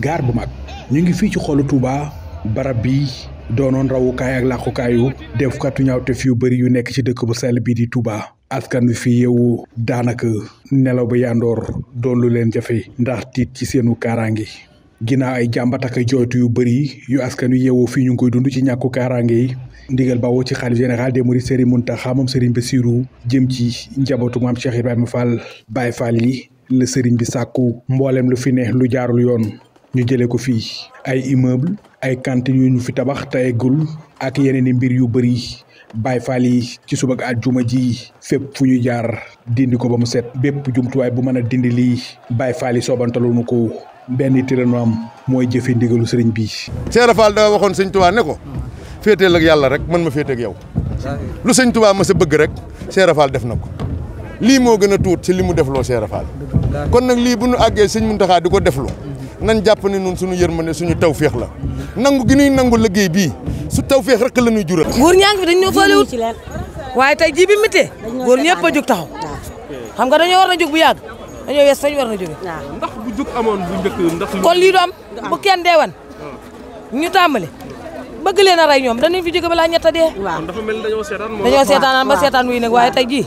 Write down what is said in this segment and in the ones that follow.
gaar bu mag ñu ngi fii ci xolu Touba barab bi doonoon rawukaay ak làqukaayu defkatu ñaawteef yu bëri yu nekk ci dëkk bu sell bii di Touba. askan wi fi yeewu daanaka nelaw ba yandoor doon lu leen jafe ndax tiit ci seenu kaaraange ginnaaw ay jàmbat ak ay jooytu yu bëri yu askan wi yeewoo fii ñu ngi koy dund ci ñàkku kaaraangi yi ndigal bawoo ci xalif général des mourides Serigne Mountakha moom Serigne Bassirou jëm ci njabootu maam Cheikh Ibrahima Fall Baye Fall yi la Serigne bi sàkku mboolem lu fi ne lu jaarul yoon ñu jëlee ko fii ay immeuble ay cantines yu ñu fi tabax tayegul ak yeneen i mbir yu bëri Baay Faal yi ci suba ak juma ji fépp fu ñu jaar dindi ko ba mu set bépp jumtuwaay bu mën a dindi lii Baay Faal yi soobantaluñu ko benn tiranu am mooy jëfe ndigalu sëriñ bi. Cheikh Fall daa waxoon sëñ Tuubaa ne ko féeteel ak yàlla rek man ma féete ak yow lu sëñ Tuubaa ma sa bëgg rek Cheikh Fall def na ko lii moo gën a tuut ci li mu defloo Cheikh Fall kon nag lii bu ko defloo. nan jàpp ne ñun suñu yërmande suñu tawféex la nangu gi ñuy nangu liggéey bii su tawféex rek la ñuy jural. nguur ñaa ngi fi dañ ñoo faalewut waaye tey jii bi mitee góor ñëpp a jóg taxaw xam nga dañoo war na jóg bu yàgg dañoo wees fañ war na ndax bu jóg amoon bu njëkk kon lii du am bu kenn deewan ah. ñu tàmbali bëgg leen a rey ñoom dañu fi jóge balaa ñett a dee dañoo seetaanaan ba seetaan wuy nag waaye tey jii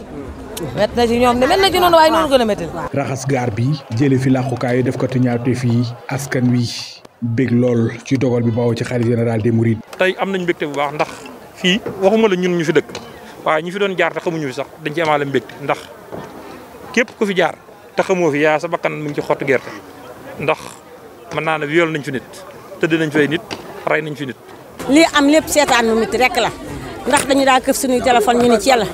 mett na ci ñoom ne mett na ci noonu waaye noonu gën a métti raxas gaar bi jële fi làqukaayu def katu ñaawteef yi askan wi bég lool ci dogal bi bawoo ci xalifa général des mourides tey am nañ mbégte bu baax ndax fii waxuma la ñun ñu fi dëkk waaye ñu fi doon jaar te xamuñu fi sax dañ ci amaale mbégte ndax képp ku fi jaar te xamoo fi yaa sa bakkan mu ngi ci xottu gerte ndax mën naa ne viol nañ fi nit tëdd nañ fi nit rey nañ fi nit lii am lépp seetaan ndax dañu daa këf suñuy téléphone ñu ni ci yàlla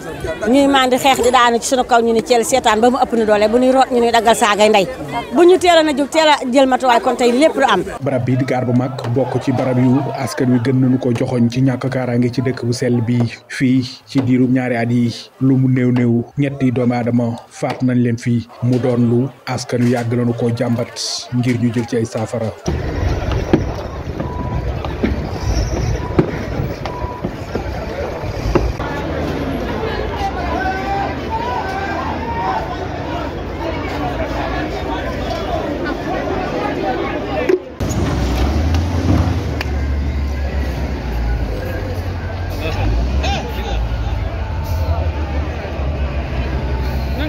ñuy mandi xeex di daanu ci suñu kaw ñu ni ci yàlla seetaan ba mu ëpp na doole bu ñuy root ñu ni daggal saagay ndey bu ñu teel na jóg teel jël matuwaay kon tey lépp lu am barab bi di gaar bu mag bokk ci barab yu askan wi gën nañu ko joxoñ ci ñàkk kaaraange ci dëkk bu sell bi fii ci diirum ñaari at yi lu mu néew néew ñetti doomu aadama faat nañ leen fii mu doon lu askan wi yàgg nañu koo jàmbat ngir ñu jël ci ay saafara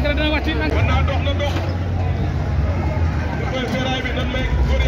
dina wàcc. mën naa dox na dox.